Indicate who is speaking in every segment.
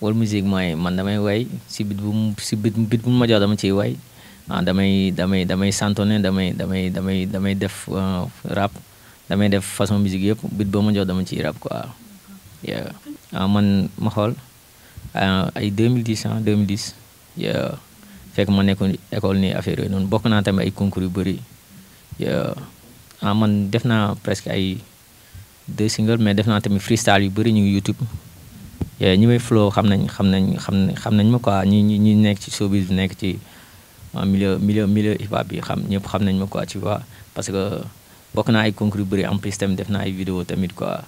Speaker 1: World Music mooy man damay way si bit bu si bit bit mu ma jox dama ciy way ah damay damay damay santone damay damay damay damay def uh, rap damay def façon musique yëpp bit boo ma jox dama ci rab ko yeah ah, man ma xool ah, ay 2010 ah 2010 fekk ma nekkoon école nii affaire yooyu noonu bokk naa tamit ay concours yu bëri ah man def naa presque ay deux singles mais def naa tamit freestyle yu bëri ñu ngi YouTube ñu may flow xam nañ xam nañ xam xam nañ ma quoi ñi ñi ñi nekk ci showbiz bi nekk ci milieu milieu milieu hip hop bi xam ñëpp xam nañ ma quoi tu vois parce que bokk naa ay concours yu bëri en plus tamit def naa ay vidéo tamit quoi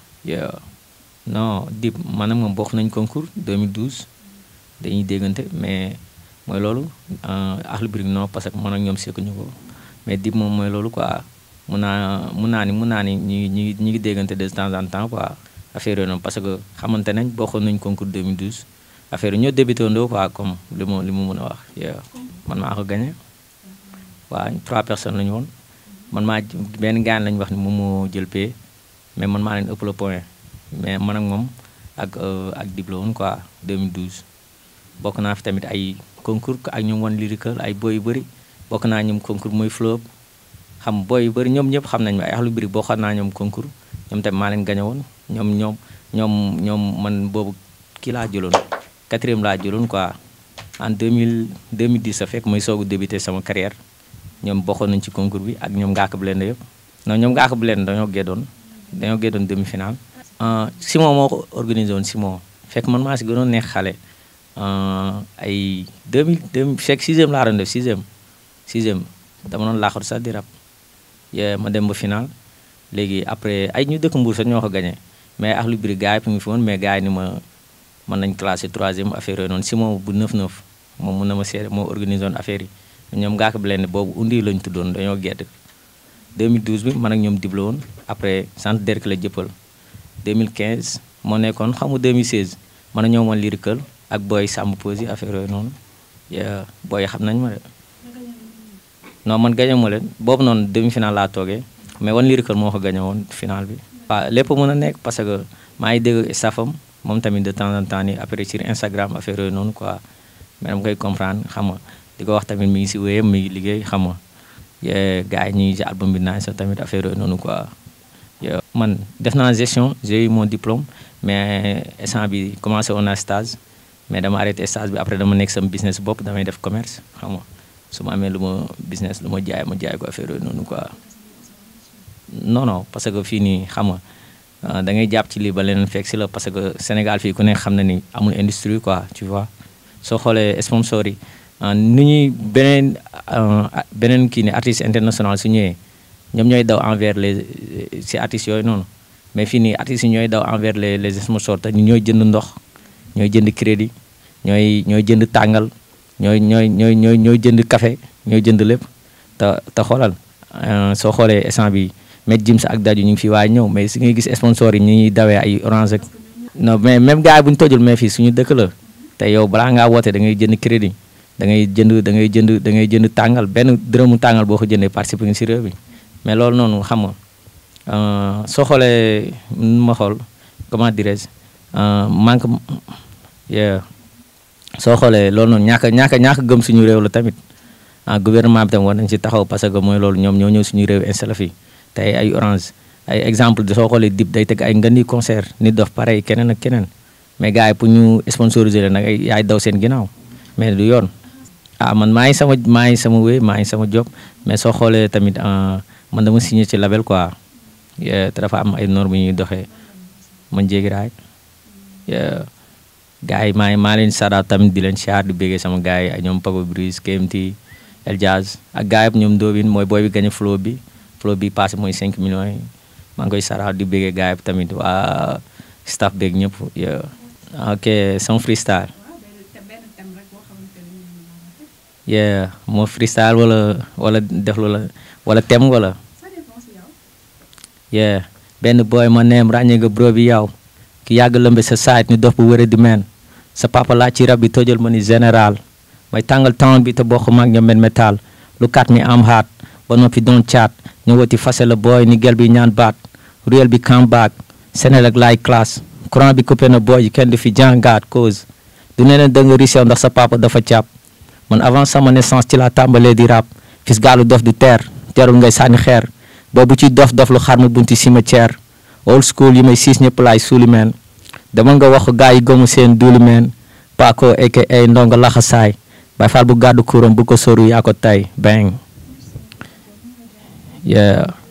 Speaker 1: non Dip maanaam moom bokk nañ concours 2012 dañuy déggante mais mooy loolu Akhlou Brick non parce que man ak ñoom sekkuñu ko mais dib moom mooy loolu quoi mun naa mun naa ni mun naa ni ñu ngi ñu ngi déggante de temps en temps quoi affaire yooyu noonu parce que xamante nañ bokkoon nañ concours 2012 affaire yi ñoo débuté ndoo quoi comme li mu mun a wax man maa ko gagné waaw trois personnes la woon man maa benn gaan lañu wax ni moom moo jël pay mais man maa leen ëpp le point mais man ak moom ak euh, ak dibla woon quoi 2012 bokk naa fi tamit ay concours ak ñoom wan lyrical ay boy yu bëri bokk naa ñoom concours mooy flop xam booy yu bëri ñoom ñëpp xam nañ ma ay axlu biri boo xam naa ñoom concours ñoom tamit maa leen gañe woon ñoom ñoom ñoom ñoom man boobu kii laa jëloon quatrième laa jëloon quoi en 2000 2010 sa fekk muy soog a débuté sama carrière ñoom bokkoon nañ ci concours bi ak ñoom ngaaka bu leen yëpp non ñoom ngaaka bu leen dañoo géddoon dañoo géddoon demi final euh, Simon moo ko organisé woon Simon fekk man maa si gënoon neex xale euh, ay 2000 fekk sixième laa doon def sixième sixième dama doon laaxatu sax di rab ma dem ba final léegi après ay ñu dëkk Mbour sax ñoo ko gagné mais ak lu biri gars yi mu fi woon mais gars ni ma mën nañ classé troisième affaire yooyu noonu Simon bu 9-9 moom mun na ma seede moo organisé woon affaire yi ñoom ngaa ko blende boobu undi lañ tuddoon dañoo gedd 2012 bi man ak ñoom dibla woon après centre derk la jëppal 2015 moo nekkoon xam nga 2016 man a ñoo moon lirikal ak booy sàmm pose yi affaire yooyu noonu booy xam nañ ma de non man gagné ma leen boobu noonu demi final laa toogee mais wan lirikal moo ko gagné woon final bi. waaw lépp mën a nekk parce que maa ngi dégg safam moom tamit de temps en temps nii après sur Instagram affaire noonu quoi mais koy comprendre xam nga di ko wax tamit mi ngi si wéyam mi ngi liggéey xam nga gars yi ñu ngi si album bi naan tamit affaire yooyu noonu quoi. man def naa gestion j'ai eu mon diplôme mais instant bi commencé woon naa stage mais dama arrêté stage bi après dama nekk sama business bopp damay def commerce xam nga. su ma amee lu ma business lu ma jaay ma jaay ko affaire yooyu noonu quoi non parce que fii nii xam nga. Euh, da ngay jàpp ci lii ba leneen fekk si la parce que Sénégal fii ku ne xam na ni amul industrie quoi tu soo xoolee sponsor yi euh, ni ñuy beneen euh, beneen kii ne artiste international su ñëwee ñoom ñooy daw envers les si artistes yooyu noonu mais fii nii artistes yi ñooy daw envers les les sponsors te ñooy jënd ndox ñooy jënd crédit ñooy ñooy jënd tàngal ñooy ñooy ñooy ñooy ñooy jënd kafe ñooy jënd lépp te te xoolal euh, soo xoolee essence bi met Jims ak daju ñu ngi fi waaye ñëw mais si ngay gis sponsor yi ñu ñuy dawee ay orange ak non mais même gars yi bu ñu tojul mais fii suñu dëkk la te yow balaa ngaa woote da ngay jënd crédit da ngay jënd da ngay jënd da ngay jënd tàngal benn dërëmu tàngal boo ko jëndee participer nga si réew mais loolu noonu xam nga euh, soo xoolee ma xool comment dirais-je euh, soo xoolee loolu noonu ñàkk a ñàkk gëm suñu réew la tamit ah gouvernement bi tam war nañ si taxaw parce que mooy loolu ñoom ñoo ñëw suñu réew installé fii tey ay orange ay exemple de soo xoolee dib day teg ay ngandi concert nit dof pareil keneen ak keneen mais gars yi pour ñu sponsoriser la nag yaay daw seen ginnaaw mais du yoon ah man maa ngi sama maa ngi sama wéy maa ngi sama job mais soo xoolee tamit ah, man dama signé ci label quoi te dafa am ay normes yu ñuy doxee man jéegi gars yi maa ngi maa tamit di leen siyaar di béggee sama gars yi ñoom Pago Brice KMT El a ak gars yi ñoom Ndobin mooy booy bi gagné flow bi flow bi passé mooy 5 millions yi maa ngi koy saraat di béggee gars yi tamit waa staff beeg ñëpp ok sama freestyle yeah moo freestyle wala wala def la wala tem wala yeah benn booy ma neem ràññee nga bro bi yow ki yàgg lëmbe sa saayit ni dof bu wëra di meen sa papa la ci rabbi tojol mani general may tangal tan bi te bokk mag ñom metal lu kat mi am hat ba no fi don chat woti fasela boy ni gel bi ñaan bat ruel bi comeback senel ak lay class courant bi coupé na boy ken du fi jangat cause du neneen de nga risse ndax sa papa dafa chap man avant sama naissance ci la tambalé di rap fis galu dof du terre jarul ngay sani xer bobu ci dof dof lu xarma bunti cimetière old school yi may sis ñëpp lay suliman. demal nga wax gaa yi gomu seen duulu meen paako eke ndongo laxasaay bay faal bu gàddu kuram bu ko yaa ko tay bang yeah